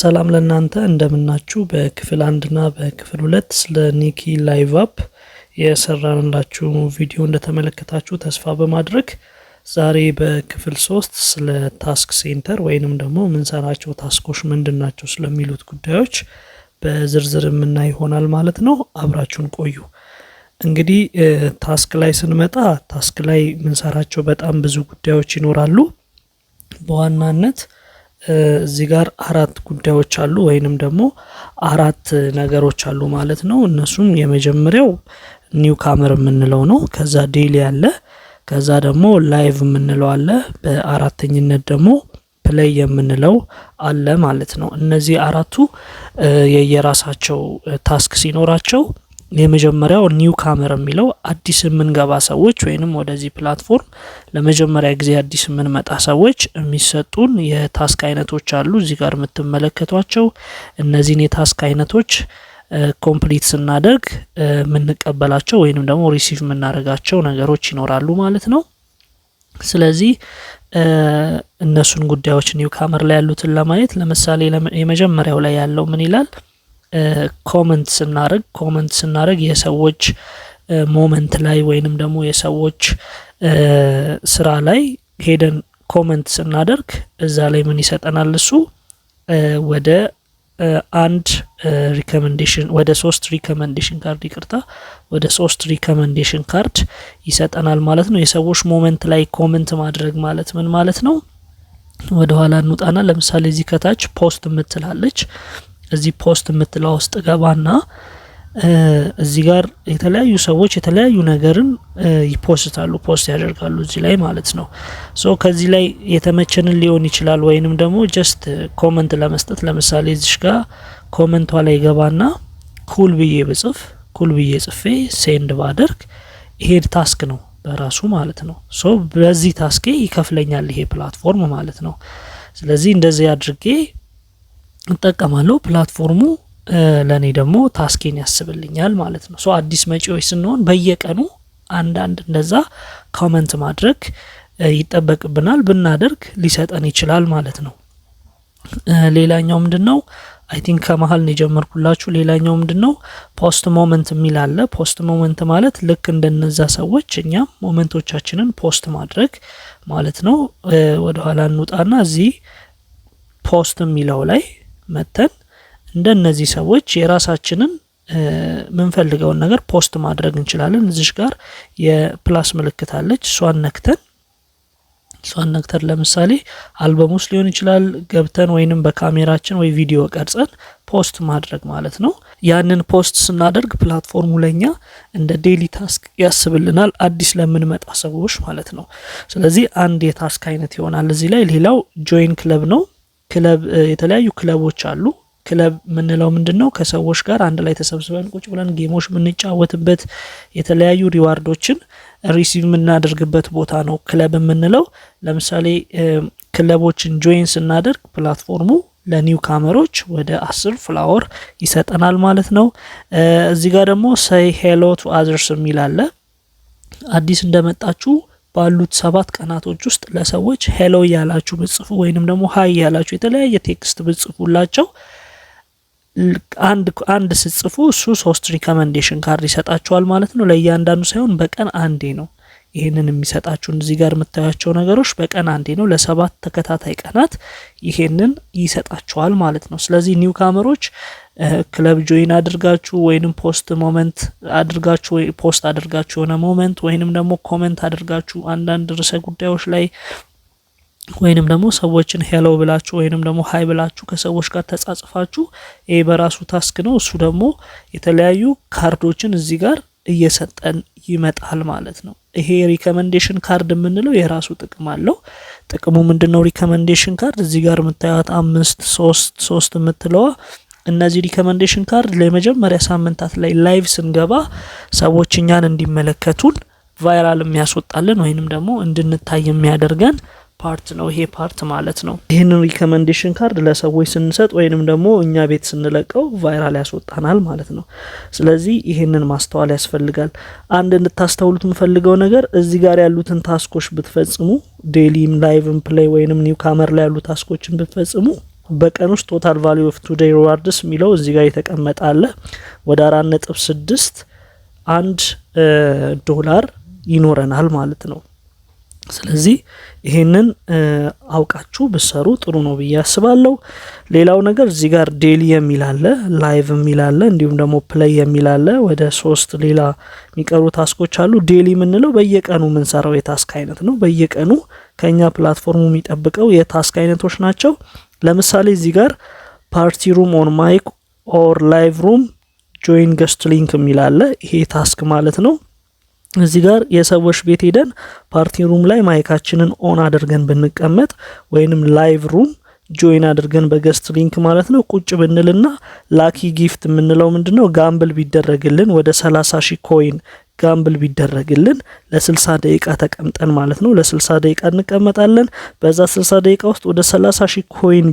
ሰላም ለእናንተ እንደምናችሁ። በክፍል አንድና በክፍል ሁለት ስለ ኒኪ ላይቭ አፕ የሰራንላችሁ ቪዲዮ እንደተመለከታችሁ ተስፋ በማድረግ ዛሬ በክፍል ሶስት ስለ ታስክ ሴንተር ወይንም ደግሞ የምንሰራቸው ታስኮች ምንድን ናቸው ስለሚሉት ጉዳዮች በዝርዝር የምና ይሆናል ማለት ነው። አብራችሁን ቆዩ። እንግዲህ ታስክ ላይ ስንመጣ ታስክ ላይ የምንሰራቸው በጣም ብዙ ጉዳዮች ይኖራሉ በዋናነት እዚህ ጋር አራት ጉዳዮች አሉ ወይንም ደግሞ አራት ነገሮች አሉ ማለት ነው። እነሱም የመጀመሪያው ኒው ካመር የምንለው ነው። ከዛ ዴሊ አለ። ከዛ ደግሞ ላይቭ የምንለው አለ። በአራተኝነት ደግሞ ፕሌይ የምንለው አለ ማለት ነው። እነዚህ አራቱ የየራሳቸው ታስክ ሲኖራቸው የመጀመሪያው ኒው ካመር የሚለው አዲስ የምንገባ ሰዎች ወይንም ወደዚህ ፕላትፎርም ለመጀመሪያ ጊዜ አዲስ የምንመጣ ሰዎች የሚሰጡን የታስክ አይነቶች አሉ። እዚህ ጋር የምትመለከቷቸው እነዚህን የታስክ አይነቶች ኮምፕሊት ስናደርግ የምንቀበላቸው ወይንም ደግሞ ሪሲቭ የምናደርጋቸው ነገሮች ይኖራሉ ማለት ነው። ስለዚህ እነሱን ጉዳዮች ኒው ካመር ላይ ያሉትን ለማየት ለምሳሌ የመጀመሪያው ላይ ያለው ምን ይላል? ኮመንት ስናደርግ ኮመንት ስናደርግ የሰዎች ሞመንት ላይ ወይንም ደግሞ የሰዎች ስራ ላይ ሄደን ኮመንት ስናደርግ እዛ ላይ ምን ይሰጠናል? እሱ ወደ አንድ ሪኮመንዴሽን ወደ ሶስት ሪኮመንዴሽን ካርድ ይቅርታ፣ ወደ ሶስት ሪኮመንዴሽን ካርድ ይሰጠናል ማለት ነው። የሰዎች ሞመንት ላይ ኮመንት ማድረግ ማለት ምን ማለት ነው? ወደኋላ እንውጣና ለምሳሌ እዚህ ከታች ፖስት የምትላለች እዚህ ፖስት የምትለው ውስጥ ገባና እዚህ ጋር የተለያዩ ሰዎች የተለያዩ ነገርን ይፖስታሉ፣ ፖስት ያደርጋሉ እዚህ ላይ ማለት ነው። ሶ ከዚህ ላይ የተመቸንን ሊሆን ይችላል፣ ወይንም ደግሞ ጀስት ኮመንት ለመስጠት ለምሳሌ እዚሽ ጋር ኮመንቷ ላይ ገባና ኩል ብዬ ብጽፍ ኩል ብዬ ጽፌ ሴንድ ባደርግ ሄድ ታስክ ነው በራሱ ማለት ነው። ሶ በዚህ ታስኬ ይከፍለኛል ይሄ ፕላትፎርም ማለት ነው። ስለዚህ እንደዚህ አድርጌ እጠቀማለሁ። ፕላትፎርሙ ለእኔ ደግሞ ታስኬን ያስብልኛል ማለት ነው። ሶ አዲስ መጪዎች ስንሆን በየቀኑ አንዳንድ እንደዛ ኮመንት ማድረግ ይጠበቅብናል፣ ብናደርግ ሊሰጠን ይችላል ማለት ነው። ሌላኛው ምንድን ነው አይ ቲንክ ከመሀል ነው የጀመርኩላችሁ። ሌላኛው ምንድን ነው ፖስት ሞመንት የሚል አለ። ፖስት ሞመንት ማለት ልክ እንደነዛ ሰዎች እኛም ሞመንቶቻችንን ፖስት ማድረግ ማለት ነው። ወደኋላ እንውጣና እዚህ ፖስት የሚለው ላይ መተን እንደነዚህ ሰዎች የራሳችንን የምንፈልገውን ነገር ፖስት ማድረግ እንችላለን። እዚሽ ጋር የፕላስ ምልክት አለች። እሷን ነክተን እሷን ነክተን ለምሳሌ አልበም ውስጥ ሊሆን ይችላል ገብተን ወይንም በካሜራችን ወይ ቪዲዮ ቀርጸን ፖስት ማድረግ ማለት ነው። ያንን ፖስት ስናደርግ ፕላትፎርሙ ለኛ እንደ ዴሊ ታስክ ያስብልናል፣ አዲስ ለምንመጣ ሰዎች ማለት ነው። ስለዚህ አንድ የታስክ አይነት ይሆናል እዚህ ላይ። ሌላው ጆይን ክለብ ነው። ክለብ የተለያዩ ክለቦች አሉ። ክለብ የምንለው ምንድን ነው? ከሰዎች ጋር አንድ ላይ ተሰብስበን ቁጭ ብለን ጌሞች የምንጫወትበት የተለያዩ ሪዋርዶችን ሪሲቭ የምናደርግበት ቦታ ነው ክለብ የምንለው። ለምሳሌ ክለቦችን ጆይን ስናደርግ ፕላትፎርሙ ለኒው ካመሮች ወደ አስር ፍላወር ይሰጠናል ማለት ነው። እዚህ ጋር ደግሞ ሰይ ሄሎ ቱ አዘርስ የሚል አለ። አዲስ እንደመጣችሁ ባሉት ሰባት ቀናቶች ውስጥ ለሰዎች ሄሎ እያላችሁ ብጽፉ ወይንም ደግሞ ሀይ እያላችሁ የተለያየ ቴክስት ብጽፉላቸው አንድ አንድ ስጽፉ እሱ ሶስት ሪኮመንዴሽን ካርድ ይሰጣችኋል ማለት ነው። ለእያንዳንዱ ሳይሆን በቀን አንዴ ነው ይህንን የሚሰጣችሁን። እዚህ ጋር የምታያቸው ነገሮች በቀን አንዴ ነው። ለሰባት ተከታታይ ቀናት ይሄንን ይሰጣችኋል ማለት ነው። ስለዚህ ኒው ካመሮች ክለብ ጆይን አድርጋችሁ ወይንም ፖስት ሞመንት አድርጋችሁ ፖስት አድርጋችሁ የሆነ ሞመንት ወይንም ደግሞ ኮመንት አድርጋችሁ አንዳንድ ርዕሰ ጉዳዮች ላይ ወይንም ደግሞ ሰዎችን ሄሎ ብላችሁ ወይንም ደግሞ ሀይ ብላችሁ ከሰዎች ጋር ተጻጽፋችሁ ይሄ በራሱ ታስክ ነው። እሱ ደግሞ የተለያዩ ካርዶችን እዚህ ጋር እየሰጠን ይመጣል ማለት ነው። ይሄ ሪከመንዴሽን ካርድ የምንለው የራሱ ጥቅም አለው። ጥቅሙ ምንድን ነው? ሪከመንዴሽን ካርድ እዚህ ጋር የምታዩት አምስት ሶስት ሶስት የምትለዋ እነዚህ ሪኮመንዴሽን ካርድ ለመጀመሪያ ሳምንታት ላይ ላይቭ ስንገባ ሰዎች እኛን እንዲመለከቱን ቫይራል የሚያስወጣልን ወይንም ደግሞ እንድንታይ የሚያደርገን ፓርት ነው ይሄ ፓርት ማለት ነው። ይህንን ሪከመንዴሽን ካርድ ለሰዎች ስንሰጥ ወይንም ደግሞ እኛ ቤት ስንለቀው ቫይራል ያስወጣናል ማለት ነው። ስለዚህ ይህንን ማስተዋል ያስፈልጋል። አንድ እንድታስተውሉት የምፈልገው ነገር እዚህ ጋር ያሉትን ታስኮች ብትፈጽሙ፣ ዴሊም ላይቭን ፕሌይ ወይንም ኒው ካመር ላይ ያሉ ታስኮችን ብትፈጽሙ በቀን ውስጥ ቶታል ቫሊዩ ኦፍ ቱዴይ ሪዋርድስ የሚለው እዚህ ጋር የተቀመጠ አለ። ወደ አራት ነጥብ ስድስት አንድ ዶላር ይኖረናል ማለት ነው። ስለዚህ ይሄንን አውቃችሁ ብሰሩ ጥሩ ነው ብዬ አስባለሁ። ሌላው ነገር እዚህ ጋር ዴሊ የሚል አለ፣ ላይቭ የሚል አለ፣ እንዲሁም ደግሞ ፕሌይ የሚል አለ። ወደ ሶስት ሌላ የሚቀሩ ታስኮች አሉ። ዴሊ የምንለው በየቀኑ የምንሰራው የታስክ አይነት ነው። በየቀኑ ከኛ ፕላትፎርሙ የሚጠብቀው የታስክ አይነቶች ናቸው። ለምሳሌ እዚህ ጋር ፓርቲ ሩም ኦን ማይክ ኦር ላይቭ ሩም ጆይን ገስት ሊንክ የሚላለ ይሄ ታስክ ማለት ነው። እዚህ ጋር የሰዎች ቤት ሄደን ፓርቲ ሩም ላይ ማይካችንን ኦን አድርገን ብንቀመጥ ወይንም ላይቭ ሩም ጆይን አድርገን በገስት ሊንክ ማለት ነው ቁጭ ብንልና ላኪ ጊፍት የምንለው ምንድነው ጋምብል ቢደረግልን ወደ 30 ሺ ኮይን ጋምብል ቢደረግልን ለ60 ደቂቃ ተቀምጠን ማለት ነው ለ60 ደቂቃ እንቀመጣለን። በዛ 60 ደቂቃ ውስጥ ወደ 30 ሺህ ኮይን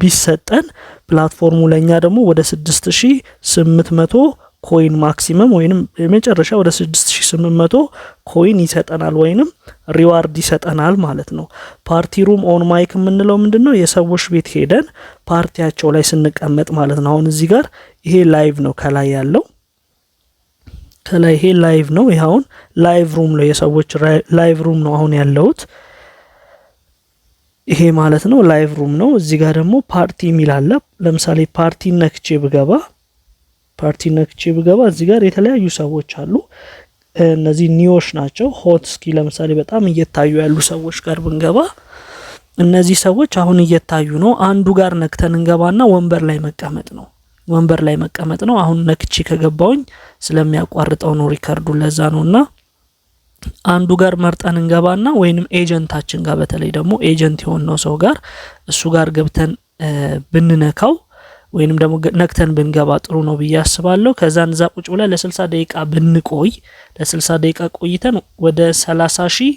ቢሰጠን ፕላትፎርሙ ለእኛ ደግሞ ወደ 6800 ኮይን ማክሲመም ወይንም የመጨረሻ ወደ 6800 ኮይን ይሰጠናል ወይንም ሪዋርድ ይሰጠናል ማለት ነው። ፓርቲ ሩም ኦን ማይክ የምንለው ምንድን ነው? የሰዎች ቤት ሄደን ፓርቲያቸው ላይ ስንቀመጥ ማለት ነው። አሁን እዚህ ጋር ይሄ ላይቭ ነው ከላይ ያለው ተላይ ይሄ ላይቭ ነው። ይህ አሁን ላይቭ ሩም ነው፣ የሰዎች ላይቭ ሩም ነው አሁን ያለሁት። ይሄ ማለት ነው ላይቭ ሩም ነው። እዚህ ጋር ደግሞ ፓርቲ የሚል አለ። ለምሳሌ ፓርቲ ነክቼ ብገባ ፓርቲ ነክቼ ብገባ እዚህ ጋር የተለያዩ ሰዎች አሉ። እነዚህ ኒዎች ናቸው። ሆት እስኪ ለምሳሌ በጣም እየታዩ ያሉ ሰዎች ጋር ብንገባ እነዚህ ሰዎች አሁን እየታዩ ነው። አንዱ ጋር ነክተን እንገባና ወንበር ላይ መቀመጥ ነው ወንበር ላይ መቀመጥ ነው። አሁን ነክቼ ከገባውኝ ስለሚያቋርጠው ነው ሪከርዱ፣ ለዛ ነው እና አንዱ ጋር መርጠን እንገባና ወይንም ኤጀንታችን ጋር በተለይ ደግሞ ኤጀንት የሆነው ሰው ጋር እሱ ጋር ገብተን ብንነካው ወይንም ደግሞ ነክተን ብንገባ ጥሩ ነው ብዬ አስባለሁ። ከዛን እዛ ቁጭ ብለን ለስልሳ ደቂቃ ብንቆይ ለ ደቂቃ ቆይተን ወደ ሰላሳ ሺህ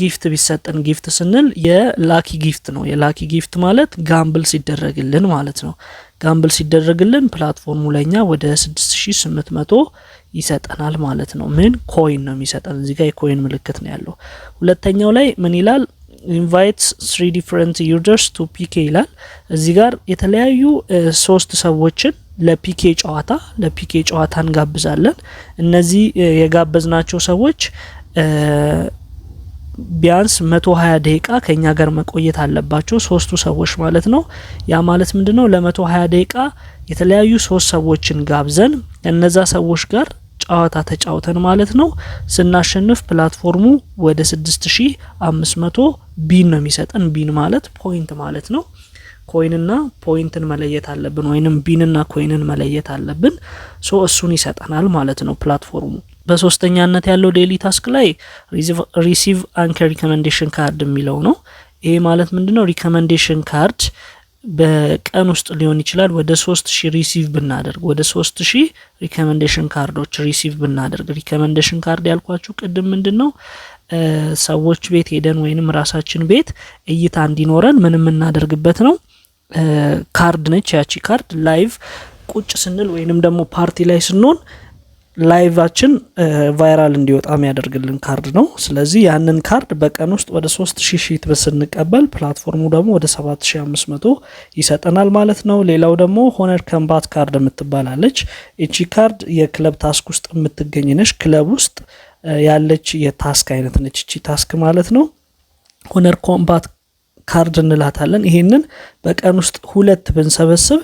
ጊፍት ቢሰጠን ጊፍት ስንል የላኪ ጊፍት ነው። የላኪ ጊፍት ማለት ጋምብል ሲደረግልን ማለት ነው። ጋምብል ሲደረግልን ፕላትፎርሙ ለኛ ወደ 6800 ይሰጠናል ማለት ነው። ምን ኮይን ነው የሚሰጠን እዚህ ጋር የኮይን ምልክት ነው ያለው። ሁለተኛው ላይ ምን ይላል? ኢንቫይት ስሪ ዲፍረንት ዩዘርስ ቱ ፒኬ ይላል። እዚህ ጋር የተለያዩ ሶስት ሰዎችን ለፒኬ ጨዋታ ለፒኬ ጨዋታ እንጋብዛለን። እነዚህ የጋበዝናቸው ሰዎች ቢያንስ መቶ ሀያ ደቂቃ ከኛ ጋር መቆየት አለባቸው ሶስቱ ሰዎች ማለት ነው። ያ ማለት ምንድነው ነው? ለመቶ ሀያ ደቂቃ የተለያዩ ሶስት ሰዎችን ጋብዘን እነዛ ሰዎች ጋር ጨዋታ ተጫውተን ማለት ነው። ስናሸንፍ ፕላትፎርሙ ወደ ስድስት ሺ አምስት መቶ ቢን ነው የሚሰጠን። ቢን ማለት ፖይንት ማለት ነው። ኮይንና ፖይንትን መለየት አለብን፣ ወይንም ቢንና ኮይንን መለየት አለብን። ሶ እሱን ይሰጠናል ማለት ነው ፕላትፎርሙ በሶስተኛነት ያለው ዴይሊ ታስክ ላይ ሪሲቭ አንከር ሪኮመንዴሽን ካርድ የሚለው ነው። ይሄ ማለት ምንድነው ነው? ሪኮመንዴሽን ካርድ በቀን ውስጥ ሊሆን ይችላል ወደ ሶስት ሺህ ሪሲቭ ብናደርግ ወደ ሶስት ሺህ ሪኮመንዴሽን ካርዶች ሪሲቭ ብናደርግ። ሪኮመንዴሽን ካርድ ያልኳችሁ ቅድም ምንድን ነው ሰዎች ቤት ሄደን ወይንም ራሳችን ቤት እይታ እንዲኖረን ምን የምናደርግበት ነው ካርድ ነች። ያቺ ካርድ ላይቭ ቁጭ ስንል ወይንም ደግሞ ፓርቲ ላይ ስንሆን ላይቫችን ቫይራል እንዲወጣ የሚያደርግልን ካርድ ነው። ስለዚህ ያንን ካርድ በቀን ውስጥ ወደ 3000 ሺት ስንቀበል ፕላትፎርሙ ደግሞ ወደ 7500 ይሰጠናል ማለት ነው። ሌላው ደግሞ ሆነር ከምባት ካርድ የምትባላለች እቺ ካርድ የክለብ ታስክ ውስጥ የምትገኝ ነች። ክለብ ውስጥ ያለች የታስክ አይነት ነች እቺ ታስክ ማለት ነው። ሆነር ኮምባት ካርድ እንላታለን። ይሄንን በቀን ውስጥ ሁለት ብንሰበስብ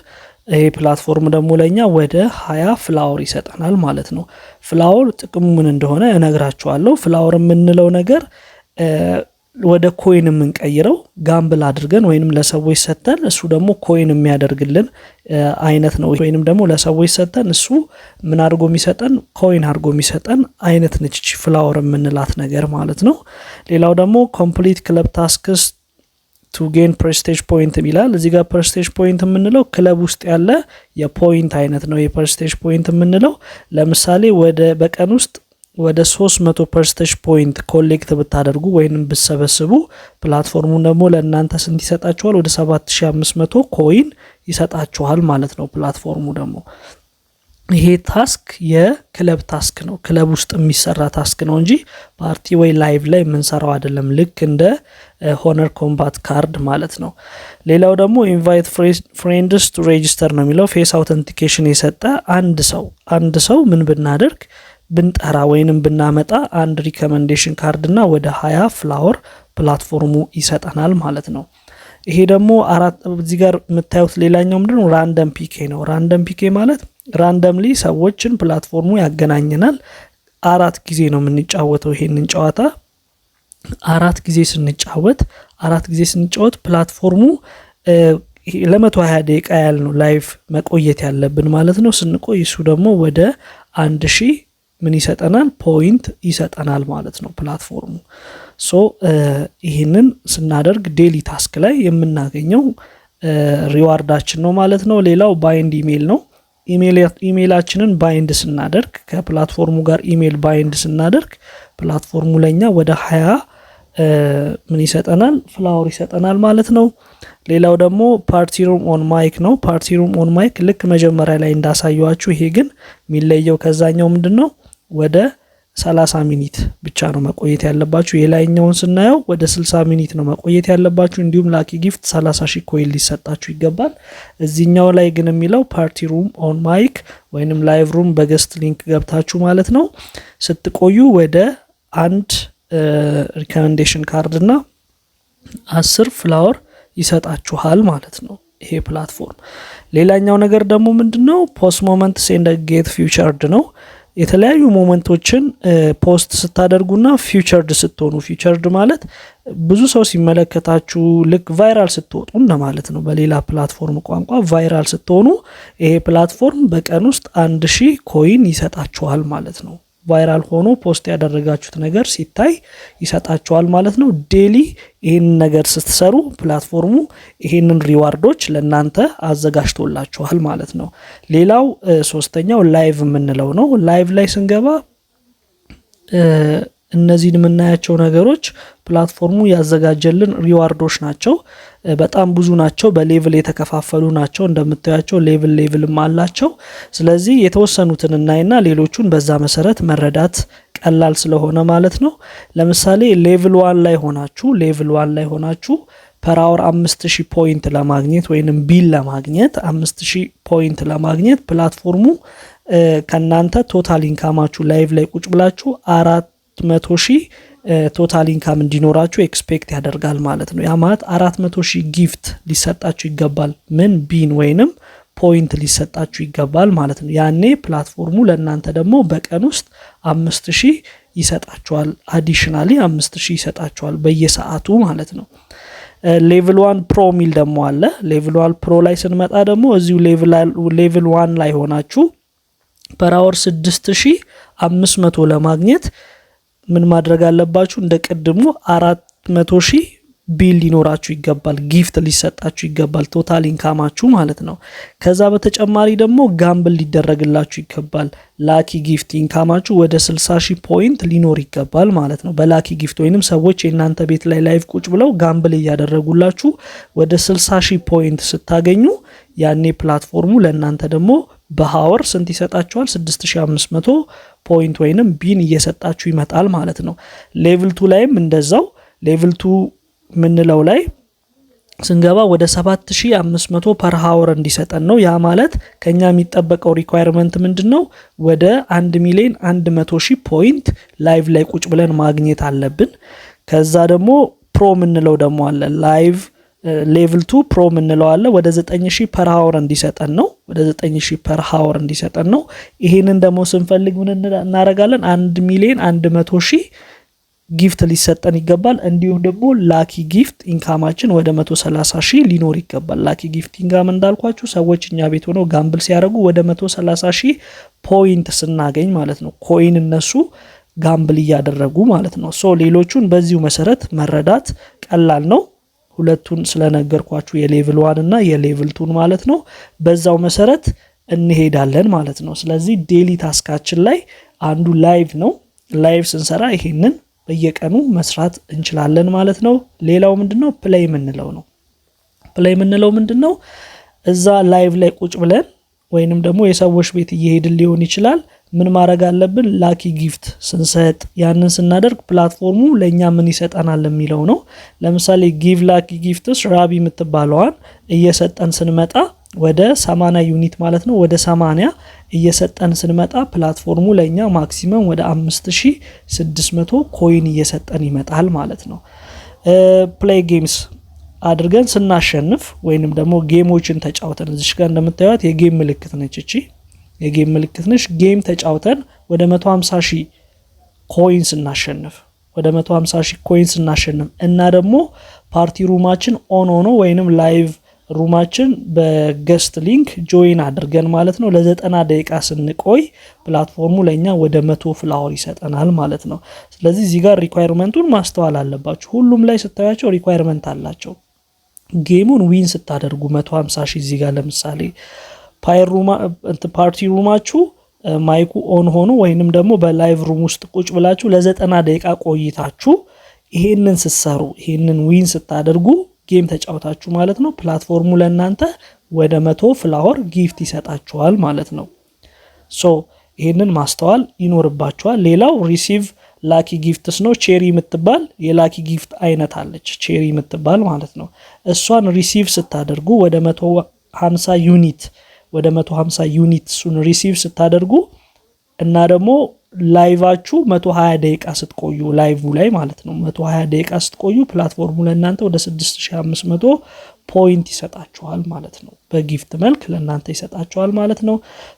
ይሄ ፕላትፎርም ደግሞ ለእኛ ወደ ሀያ ፍላወር ይሰጠናል ማለት ነው። ፍላወር ጥቅሙ ምን እንደሆነ እነግራችኋለሁ። ፍላወር የምንለው ነገር ወደ ኮይን የምንቀይረው ጋምብል አድርገን ወይንም ለሰዎች ሰጥተን እሱ ደግሞ ኮይን የሚያደርግልን አይነት ነው። ወይንም ደግሞ ለሰዎች ሰጠን እሱ ምን አድርጎ የሚሰጠን ኮይን አድርጎ የሚሰጠን አይነት ነች ፍላወር የምንላት ነገር ማለት ነው። ሌላው ደግሞ ኮምፕሊት ክለብ ታስክስ ቱ ጌን ፐርስቴጅ ፖይንት ይላል። እዚህ ጋር ፐርስቴጅ ፖይንት የምንለው ክለብ ውስጥ ያለ የፖይንት አይነት ነው። የፐርስቴጅ ፖይንት የምንለው ለምሳሌ ወደ በቀን ውስጥ ወደ 300 ፐርስቴጅ ፖይንት ኮሌክት ብታደርጉ ወይንም ብሰበስቡ ፕላትፎርሙ ደግሞ ለእናንተ ስንት ይሰጣችኋል? ወደ 7500 ኮይን ይሰጣችኋል ማለት ነው። ፕላትፎርሙ ደግሞ ይሄ ታስክ የክለብ ታስክ ነው። ክለብ ውስጥ የሚሰራ ታስክ ነው እንጂ ፓርቲ ወይ ላይቭ ላይ የምንሰራው አይደለም። ልክ እንደ ሆነር ኮምባት ካርድ ማለት ነው። ሌላው ደግሞ ኢንቫይት ፍሬንድስ ቱ ሬጅስተር ነው የሚለው ፌስ አውተንቲኬሽን የሰጠ አንድ ሰው አንድ ሰው ምን ብናደርግ ብንጠራ ወይንም ብናመጣ አንድ ሪኮመንዴሽን ካርድ እና ወደ ሀያ ፍላወር ፕላትፎርሙ ይሰጠናል ማለት ነው። ይሄ ደግሞ እዚህ ጋር የምታዩት ሌላኛው ምንድን ነው ራንደም ፒኬ ነው። ራንደም ፒኬ ማለት ራንደምሊ ሰዎችን ፕላትፎርሙ ያገናኘናል። አራት ጊዜ ነው የምንጫወተው ይሄንን ጨዋታ። አራት ጊዜ ስንጫወት አራት ጊዜ ስንጫወት ፕላትፎርሙ ለመቶ ሀያ ደቂቃ ያህል ነው ላይቭ መቆየት ያለብን ማለት ነው። ስንቆይ እሱ ደግሞ ወደ አንድ ሺህ ምን ይሰጠናል? ፖይንት ይሰጠናል ማለት ነው ፕላትፎርሙ። ሶ ይህንን ስናደርግ ዴሊ ታስክ ላይ የምናገኘው ሪዋርዳችን ነው ማለት ነው። ሌላው ባይንድ ኢሜል ነው። ኢሜላችንን ባይንድ ስናደርግ ከፕላትፎርሙ ጋር ኢሜል ባይንድ ስናደርግ ፕላትፎርሙ ለኛ ወደ ሀያ ምን ይሰጠናል? ፍላወር ይሰጠናል ማለት ነው። ሌላው ደግሞ ፓርቲ ሩም ኦን ማይክ ነው። ፓርቲ ሩም ኦን ማይክ ልክ መጀመሪያ ላይ እንዳሳየዋችሁ፣ ይሄ ግን የሚለየው ከዛኛው ምንድን ነው ወደ 30 ሚኒት ብቻ ነው መቆየት ያለባችሁ። የላይኛውን ስናየው ወደ 60 ሚኒት ነው መቆየት ያለባችሁ። እንዲሁም ላኪ ጊፍት 30 ሺ ኮይል ሊሰጣችሁ ይገባል። እዚህኛው ላይ ግን የሚለው ፓርቲ ሩም ኦን ማይክ ወይንም ላይቭ ሩም በገስት ሊንክ ገብታችሁ ማለት ነው ስትቆዩ ወደ አንድ ሪኮመንዴሽን ካርድ እና አስር ፍላወር ይሰጣችኋል ማለት ነው ይሄ ፕላትፎርም። ሌላኛው ነገር ደግሞ ምንድን ነው ፖስት ሞመንት ሴንድ ጌት ፊውቸርድ ነው። የተለያዩ ሞመንቶችን ፖስት ስታደርጉና ፊውቸርድ ስትሆኑ፣ ፊውቸርድ ማለት ብዙ ሰው ሲመለከታችሁ ልክ ቫይራል ስትወጡ እንደማለት ነው። በሌላ ፕላትፎርም ቋንቋ ቫይራል ስትሆኑ ይሄ ፕላትፎርም በቀን ውስጥ አንድ ሺህ ኮይን ይሰጣችኋል ማለት ነው። ቫይራል ሆኖ ፖስት ያደረጋችሁት ነገር ሲታይ ይሰጣችኋል ማለት ነው። ዴሊ ይህንን ነገር ስትሰሩ ፕላትፎርሙ ይህንን ሪዋርዶች ለእናንተ አዘጋጅቶላችኋል ማለት ነው። ሌላው ሶስተኛው ላይቭ የምንለው ነው። ላይቭ ላይ ስንገባ እነዚህን የምናያቸው ነገሮች ፕላትፎርሙ ያዘጋጀልን ሪዋርዶች ናቸው። በጣም ብዙ ናቸው። በሌቭል የተከፋፈሉ ናቸው። እንደምታያቸው ሌቭል ሌቭልም አላቸው። ስለዚህ የተወሰኑትን እናይና ሌሎቹን በዛ መሰረት መረዳት ቀላል ስለሆነ ማለት ነው። ለምሳሌ ሌቭል ዋን ላይ ሆናችሁ ሌቭል ዋን ላይ ሆናችሁ ፐራወር አምስት ሺህ ፖይንት ለማግኘት ወይንም ቢል ለማግኘት አምስት ሺህ ፖይንት ለማግኘት ፕላትፎርሙ ከእናንተ ቶታል ኢንካማችሁ ላይቭ ላይ ቁጭ ብላችሁ አራት መቶ ሺህ ቶታል ኢንካም እንዲኖራችሁ ኤክስፔክት ያደርጋል ማለት ነው። ያ ማለት አራት መቶ ሺህ ጊፍት ሊሰጣችሁ ይገባል። ምን ቢን ወይንም ፖይንት ሊሰጣችሁ ይገባል ማለት ነው። ያኔ ፕላትፎርሙ ለእናንተ ደግሞ በቀን ውስጥ አምስት ሺህ ይሰጣችኋል። አዲሽናሊ አምስት ሺህ ይሰጣችኋል በየሰዓቱ ማለት ነው። ሌቭል ዋን ፕሮ ሚል ደግሞ አለ። ሌቭል ዋን ፕሮ ላይ ስንመጣ ደግሞ እዚሁ ሌቭል ዋን ላይ ሆናችሁ ፐር ስድስት ሺህ አምስት መቶ ለማግኘት ምን ማድረግ አለባችሁ? እንደ ቅድሙ አራት መቶ ሺህ ቢል ሊኖራችሁ ይገባል። ጊፍት ሊሰጣችሁ ይገባል። ቶታል ኢንካማችሁ ማለት ነው። ከዛ በተጨማሪ ደግሞ ጋምብል ሊደረግላችሁ ይገባል። ላኪ ጊፍት ኢንካማችሁ ወደ 60 ሺህ ፖይንት ሊኖር ይገባል ማለት ነው። በላኪ ጊፍት ወይንም ሰዎች የእናንተ ቤት ላይ ላይቭ ቁጭ ብለው ጋምብል እያደረጉላችሁ ወደ 60 ሺህ ፖይንት ስታገኙ ያኔ ፕላትፎርሙ ለእናንተ ደግሞ በሀወር ስንት ይሰጣችኋል? 6500 ፖይንት ወይንም ቢን እየሰጣችሁ ይመጣል ማለት ነው። ሌቭል ቱ ላይም እንደዛው ሌቭል ቱ ምንለው ላይ ስንገባ ወደ 7500 ፐር ሃወር እንዲሰጠን ነው። ያ ማለት ከኛ የሚጠበቀው ሪኳየርመንት ምንድን ነው? ወደ 1 ሚሊዮን 100 ሺህ ፖይንት ላይቭ ላይ ቁጭ ብለን ማግኘት አለብን። ከዛ ደግሞ ፕሮ ምንለው ደግሞ አለ ላይቭ ሌቭል ቱ ፕሮ ምንለዋለ አለ። ወደ 9000 ፐር ሃወር እንዲሰጠን ነው። ወደ 9000 ፐር ሃወር እንዲሰጠን ነው። ይሄንን ደግሞ ስንፈልግ ምን እናደርጋለን? 1 ሚሊዮን 100 ሺህ ጊፍት ሊሰጠን ይገባል። እንዲሁም ደግሞ ላኪ ጊፍት ኢንካማችን ወደ 130 ሺህ ሊኖር ይገባል። ላኪ ጊፍት ኢንካም እንዳልኳችሁ ሰዎች እኛ ቤት ሆነው ጋምብል ሲያደርጉ ወደ 130 ሺህ ፖይንት ስናገኝ ማለት ነው ኮይን እነሱ ጋምብል እያደረጉ ማለት ነው። ሶ ሌሎቹን በዚሁ መሰረት መረዳት ቀላል ነው። ሁለቱን ስለነገርኳችሁ የሌቭል ዋን እና የሌቭል ቱን ማለት ነው። በዛው መሰረት እንሄዳለን ማለት ነው። ስለዚህ ዴሊ ታስካችን ላይ አንዱ ላይቭ ነው። ላይቭ ስንሰራ ይሄንን በየቀኑ መስራት እንችላለን ማለት ነው። ሌላው ምንድን ነው? ፕላይ የምንለው ነው። ፕላይ የምንለው ምንድን ነው? እዛ ላይቭ ላይ ቁጭ ብለን ወይንም ደግሞ የሰዎች ቤት እየሄድን ሊሆን ይችላል ምን ማድረግ አለብን? ላኪ ጊፍት ስንሰጥ ያንን ስናደርግ ፕላትፎርሙ ለእኛ ምን ይሰጠናል የሚለው ነው። ለምሳሌ ጊቭ ላኪ ጊፍትስ ራቢ የምትባለዋን እየሰጠን ስንመጣ ወደ 80 ዩኒት ማለት ነው። ወደ 80 እየሰጠን ስንመጣ ፕላትፎርሙ ለእኛ ማክሲመም ወደ 5600 ኮይን እየሰጠን ይመጣል ማለት ነው። ፕሌይ ጌምስ አድርገን ስናሸንፍ ወይንም ደግሞ ጌሞችን ተጫውተን እዚሽ ጋር እንደምታዩት የጌም ምልክት ነች እቺ የጌም ምልክት ነች። ጌም ተጫውተን ወደ 150 ሺህ ኮይንስ እናሸንፍ ወደ 150 ሺህ ኮይንስ እናሸንፍ እና ደግሞ ፓርቲ ሩማችን ኦን ሆኖ ወይንም ላይቭ ሩማችን በገስት ሊንክ ጆይን አድርገን ማለት ነው። ለዘጠና ደቂቃ ስንቆይ ፕላትፎርሙ ለእኛ ወደ መቶ ፍላወር ይሰጠናል ማለት ነው። ስለዚህ እዚህ ጋር ሪኳይርመንቱን ማስተዋል አለባችሁ። ሁሉም ላይ ስታያቸው ሪኳይርመንት አላቸው። ጌሙን ዊን ስታደርጉ 150 ሺ እዚህ ጋር ለምሳሌ ፓርቲ ሩማችሁ ማይኩ ኦን ሆኖ ወይንም ደግሞ በላይቭ ሩም ውስጥ ቁጭ ብላችሁ ለዘጠና ደቂቃ ቆይታችሁ ይሄንን ስትሰሩ ይሄንን ዊን ስታደርጉ ጌም ተጫውታችሁ ማለት ነው። ፕላትፎርሙ ለእናንተ ወደ መቶ ፍላወር ጊፍት ይሰጣችኋል ማለት ነው። ሶ ይሄንን ማስተዋል ይኖርባችኋል። ሌላው ሪሲቭ ላኪ ጊፍትስ ነው። ቼሪ የምትባል የላኪ ጊፍት አይነት አለች። ቼሪ የምትባል ማለት ነው። እሷን ሪሲቭ ስታደርጉ ወደ መቶ ሀምሳ ዩኒት ወደ 150 ዩኒት ሪሲቭ ስታደርጉ እና ደግሞ ላይቫችሁ 120 ደቂቃ ስትቆዩ ላይቭ ላይ ማለት ነው 120 ደቂቃ ስትቆዩ ፕላትፎርሙ ለእናንተ ወደ 6500 ፖይንት ይሰጣችኋል ማለት ነው። በጊፍት መልክ ለእናንተ ይሰጣችኋል ማለት ነው።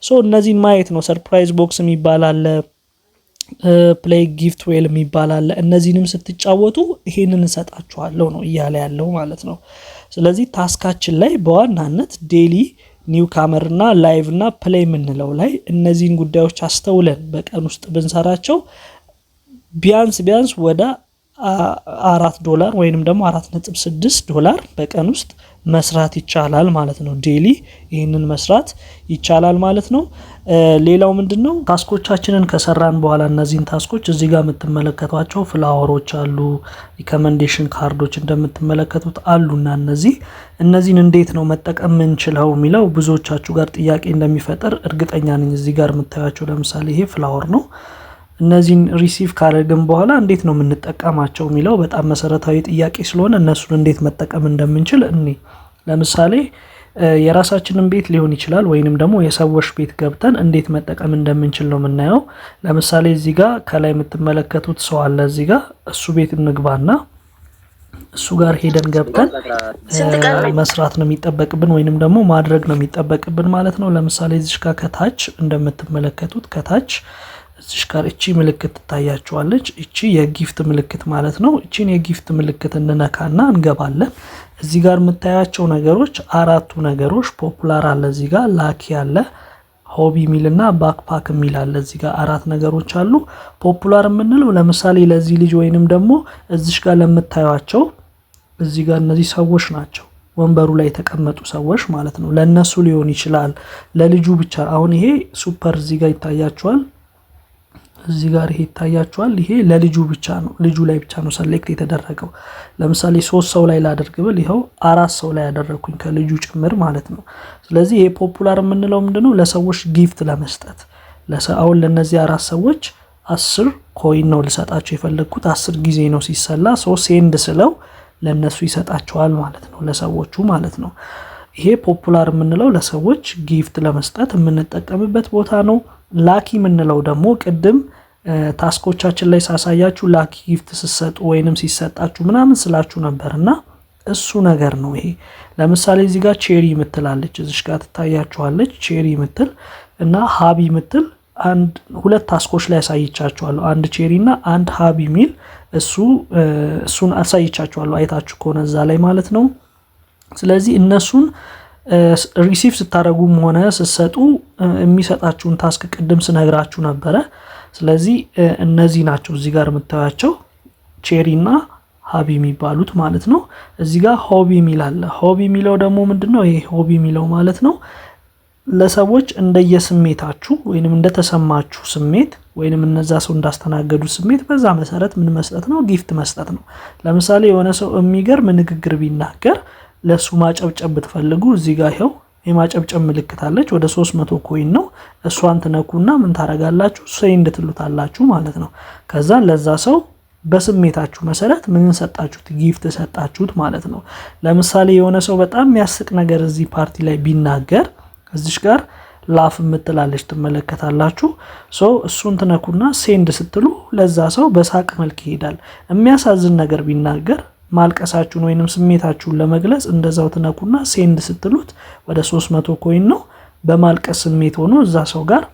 ሶ እነዚህን ማየት ነው። ሰርፕራይዝ ቦክስ የሚባል አለ፣ ፕሌይ ጊፍት ዌል የሚባል አለ። እነዚህንም ስትጫወቱ ይሄንን እንሰጣችኋለሁ ነው እያለ ያለው ማለት ነው። ስለዚህ ታስካችን ላይ በዋናነት ዴሊ ኒውካመር እና ላይቭ እና ፕሌይ የምንለው ላይ እነዚህን ጉዳዮች አስተውለን በቀን ውስጥ ብንሰራቸው ቢያንስ ቢያንስ ወደ አራት ዶላር ወይንም ደግሞ አራት ነጥብ ስድስት ዶላር በቀን ውስጥ መስራት ይቻላል ማለት ነው። ዴሊ ይህንን መስራት ይቻላል ማለት ነው። ሌላው ምንድን ነው? ታስኮቻችንን ከሰራን በኋላ እነዚህን ታስኮች እዚህ ጋር የምትመለከቷቸው ፍላወሮች አሉ፣ ሪከመንዴሽን ካርዶች እንደምትመለከቱት አሉና እነዚህ እነዚህን እንዴት ነው መጠቀም ምንችለው የሚለው ብዙዎቻችሁ ጋር ጥያቄ እንደሚፈጠር እርግጠኛ ነኝ። እዚህ ጋር የምታያቸው ለምሳሌ ይሄ ፍላወር ነው። እነዚህን ሪሲቭ ካደረግን በኋላ እንዴት ነው የምንጠቀማቸው የሚለው በጣም መሰረታዊ ጥያቄ ስለሆነ እነሱን እንዴት መጠቀም እንደምንችል እኔ ለምሳሌ የራሳችንን ቤት ሊሆን ይችላል ወይንም ደግሞ የሰዎች ቤት ገብተን እንዴት መጠቀም እንደምንችል ነው የምናየው። ለምሳሌ እዚህ ጋር ከላይ የምትመለከቱት ሰው አለ። እዚህ ጋ እሱ ቤት እንግባና እሱ ጋር ሄደን ገብተን መስራት ነው የሚጠበቅብን ወይንም ደግሞ ማድረግ ነው የሚጠበቅብን ማለት ነው። ለምሳሌ እዚህ ጋር ከታች እንደምትመለከቱት ከታች እዚሽ ጋር እቺ ምልክት ትታያችኋለች። እቺ የጊፍት ምልክት ማለት ነው። እቺን የጊፍት ምልክት እንነካና እንገባለን። እዚህ ጋር የምታያቸው ነገሮች አራቱ ነገሮች ፖፑላር አለ፣ እዚህ ጋር ላኪ አለ፣ ሆቢ ሚልና ባክፓክ የሚል አለ። እዚህ ጋር አራት ነገሮች አሉ። ፖፑላር የምንለው ለምሳሌ ለዚህ ልጅ ወይንም ደግሞ እዚሽ ጋር ለምታያቸው እዚህ ጋር እነዚህ ሰዎች ናቸው ወንበሩ ላይ የተቀመጡ ሰዎች ማለት ነው። ለእነሱ ሊሆን ይችላል፣ ለልጁ ብቻ። አሁን ይሄ ሱፐር እዚህ ጋር ይታያቸዋል። እዚህ ጋር ይሄ ይታያችኋል። ይሄ ለልጁ ብቻ ነው፣ ልጁ ላይ ብቻ ነው ሰሌክት የተደረገው። ለምሳሌ ሶስት ሰው ላይ ላደርግ ብል ይኸው አራት ሰው ላይ ያደረግኩኝ ከልጁ ጭምር ማለት ነው። ስለዚህ ይሄ ፖፑላር የምንለው ምንድነው ለሰዎች ጊፍት ለመስጠት አሁን ለእነዚህ አራት ሰዎች አስር ኮይን ነው ልሰጣቸው የፈለግኩት አስር ጊዜ ነው ሲሰላ ሶ ሴንድ ስለው ለእነሱ ይሰጣቸዋል ማለት ነው፣ ለሰዎቹ ማለት ነው። ይሄ ፖፑላር የምንለው ለሰዎች ጊፍት ለመስጠት የምንጠቀምበት ቦታ ነው። ላኪ የምንለው ደግሞ ቅድም ታስኮቻችን ላይ ሳሳያችሁ ላኪ ጊፍት ስሰጡ ወይንም ሲሰጣችሁ ምናምን ስላችሁ ነበር እና እሱ ነገር ነው ይሄ። ለምሳሌ እዚህ ጋር ቼሪ ምትላለች እዚሽ ጋር ትታያችኋለች። ቼሪ ምትል እና ሀቢ ምትል አንድ ሁለት ታስኮች ላይ አሳይቻችኋለሁ። አንድ ቼሪ እና አንድ ሀቢ ሚል እሱ እሱን አሳይቻችኋለሁ አይታችሁ ከሆነ እዛ ላይ ማለት ነው። ስለዚህ እነሱን ሪሲቭ ስታደረጉም ሆነ ስትሰጡ የሚሰጣችሁን ታስክ ቅድም ስነግራችሁ ነበረ። ስለዚህ እነዚህ ናቸው እዚህ ጋር የምታያቸው ቼሪ እና ሀቢ የሚባሉት ማለት ነው። እዚህ ጋር ሆቢ የሚል አለ። ሆቢ የሚለው ደግሞ ምንድን ነው? ይሄ ሆቢ የሚለው ማለት ነው ለሰዎች እንደየስሜታችሁ ወይንም እንደተሰማችሁ ስሜት ወይንም እነዛ ሰው እንዳስተናገዱ ስሜት በዛ መሰረት ምን መስጠት ነው? ጊፍት መስጠት ነው። ለምሳሌ የሆነ ሰው የሚገርም ንግግር ቢናገር ለእሱ ማጨብጨብ ብትፈልጉ እዚህ ጋር ይኸው የማጨብጨብ ምልክት አለች። ወደ 300 ኮይን ነው። እሷን ትነኩና ምን ታረጋላችሁ? ሴንድ ትሉታላችሁ ማለት ነው። ከዛ ለዛ ሰው በስሜታችሁ መሰረት ምን ሰጣችሁት? ጊፍት ሰጣችሁት ማለት ነው። ለምሳሌ የሆነ ሰው በጣም የሚያስቅ ነገር እዚህ ፓርቲ ላይ ቢናገር እዚሽ ጋር ላፍ የምትላለች ትመለከታላችሁ። ሶ እሱን ትነኩና ሴንድ ስትሉ ለዛ ሰው በሳቅ መልክ ይሄዳል። የሚያሳዝን ነገር ቢናገር ማልቀሳችሁን ወይንም ስሜታችሁን ለመግለጽ እንደዛው ትነኩና ሴንድ ስትሉት ወደ 300 ኮይን ነው በማልቀስ ስሜት ሆኖ እዛ ሰው ጋር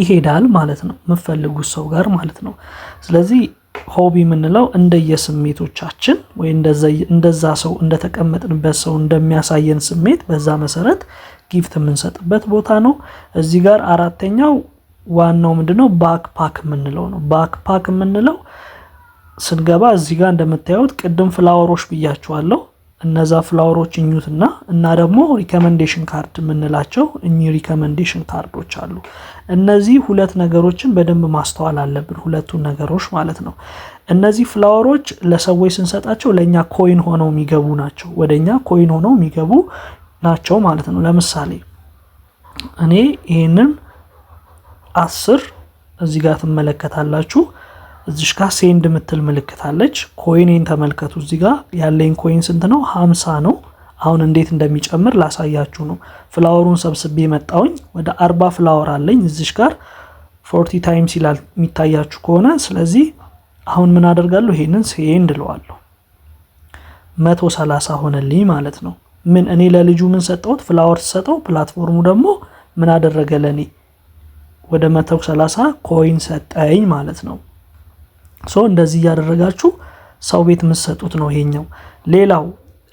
ይሄዳል ማለት ነው፣ የምትፈልጉት ሰው ጋር ማለት ነው። ስለዚህ ሆቢ የምንለው እንደየስሜቶቻችን ወይ እንደዛ ሰው እንደተቀመጥንበት ሰው እንደሚያሳየን ስሜት በዛ መሰረት ጊፍት የምንሰጥበት ቦታ ነው። እዚህ ጋር አራተኛው ዋናው ምንድነው? ባክፓክ የምንለው ነው። ባክፓክ የምንለው ስንገባ እዚህ ጋር እንደምታዩት ቅድም ፍላወሮች ብያችኋለሁ። እነዛ ፍላወሮች እኙት እና እና ደግሞ ሪከመንዴሽን ካርድ የምንላቸው እኚ ሪከመንዴሽን ካርዶች አሉ። እነዚህ ሁለት ነገሮችን በደንብ ማስተዋል አለብን፣ ሁለቱን ነገሮች ማለት ነው። እነዚህ ፍላወሮች ለሰዎች ስንሰጣቸው ለእኛ ኮይን ሆነው የሚገቡ ናቸው፣ ወደኛ ኮይን ሆነው የሚገቡ ናቸው ማለት ነው። ለምሳሌ እኔ ይህንን አስር እዚህ ጋር ትመለከታላችሁ እዚሽ ጋር ሴንድ የምትል ምልክት አለች። ኮይኔን ተመልከቱ። እዚህ ጋር ያለኝ ኮይን ስንት ነው? ሀምሳ ነው። አሁን እንዴት እንደሚጨምር ላሳያችሁ ነው። ፍላወሩን ሰብስቤ መጣውኝ። ወደ አርባ ፍላወር አለኝ እዚሽ ጋር ፎርቲ ታይምስ ይላል የሚታያችሁ ከሆነ። ስለዚህ አሁን ምን አደርጋለሁ? ይሄንን ሴንድ እለዋለሁ። መቶ ሰላሳ ሆነልኝ ማለት ነው። ምን እኔ ለልጁ ምን ሰጠሁት? ፍላወር ሰጠው። ፕላትፎርሙ ደግሞ ምን አደረገ ለእኔ? ወደ መቶ ሰላሳ ኮይን ሰጠኝ ማለት ነው። ሶ እንደዚህ እያደረጋችሁ ሰው ቤት የምትሰጡት ነው ይሄኛው። ሌላው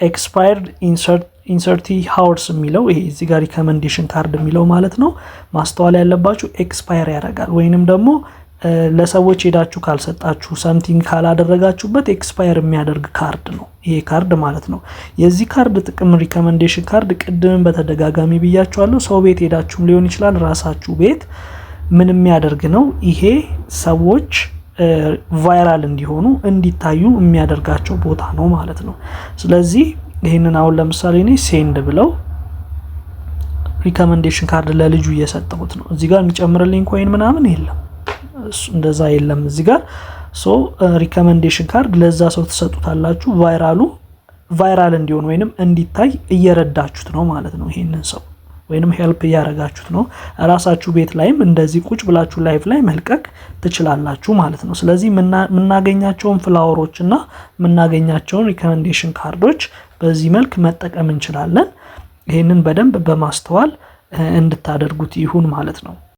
ኤክስፓየርድ ኢንሰርቲ ሃውርስ የሚለው ይሄ እዚህ ጋር ሪኮመንዴሽን ካርድ የሚለው ማለት ነው። ማስተዋል ያለባችሁ ኤክስፓየር ያደርጋል ወይንም ደግሞ ለሰዎች ሄዳችሁ ካልሰጣችሁ ሰምቲንግ ካላደረጋችሁበት ኤክስፓየር የሚያደርግ ካርድ ነው ይሄ ካርድ ማለት ነው። የዚህ ካርድ ጥቅም ሪከመንዴሽን ካርድ ቅድምን በተደጋጋሚ ብያችኋለሁ። ሰው ቤት ሄዳችሁም ሊሆን ይችላል፣ ራሳችሁ ቤት ምን የሚያደርግ ነው ይሄ ሰዎች ቫይራል እንዲሆኑ እንዲታዩ የሚያደርጋቸው ቦታ ነው ማለት ነው። ስለዚህ ይህንን አሁን ለምሳሌ እኔ ሴንድ ብለው ሪከመንዴሽን ካርድ ለልጁ እየሰጠሁት ነው። እዚህ ጋር የሚጨምርልኝ ኮይን ምናምን የለም፣ እንደዛ የለም። እዚህ ጋር ሶ ሪከመንዴሽን ካርድ ለዛ ሰው ትሰጡታላችሁ። ቫይራሉ ቫይራል እንዲሆን ወይንም እንዲታይ እየረዳችሁት ነው ማለት ነው ይህንን ሰው ወይንም ሄልፕ እያደረጋችሁት ነው። ራሳችሁ ቤት ላይም እንደዚህ ቁጭ ብላችሁ ላይቭ ላይ መልቀቅ ትችላላችሁ ማለት ነው። ስለዚህ የምናገኛቸውን ፍላወሮች እና የምናገኛቸውን ሪኮመንዴሽን ካርዶች በዚህ መልክ መጠቀም እንችላለን። ይህንን በደንብ በማስተዋል እንድታደርጉት ይሁን ማለት ነው።